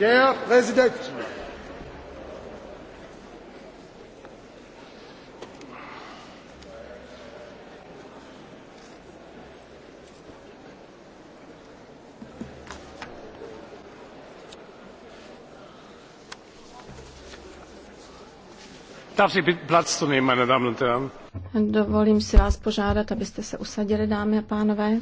Der Präsident. Dovolím si vás požádat, abyste se usadili, dámy a pánové.